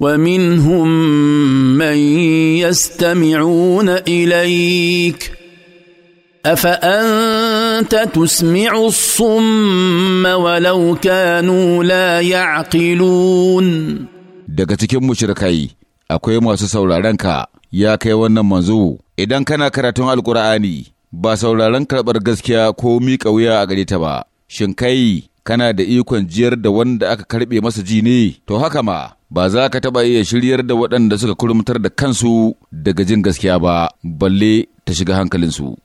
ومنهم من يستمعون اليك افانت تسمع الصم ولو كانوا لا يعقلون daga cikin mushrikai akwai masu saurarenka, ka ya kai wannan manzo idan kana karatun alkur'ani ba sauraron karɓar gaskiya ko miƙa wuya a gare ta ba shin kai kana da ikon jiyar da wanda aka karɓe masa ji ne, to haka ma ba za ka taɓa iya shiryar da waɗanda suka kurmutar da kansu daga jin gaskiya ba, balle ta shiga hankalinsu.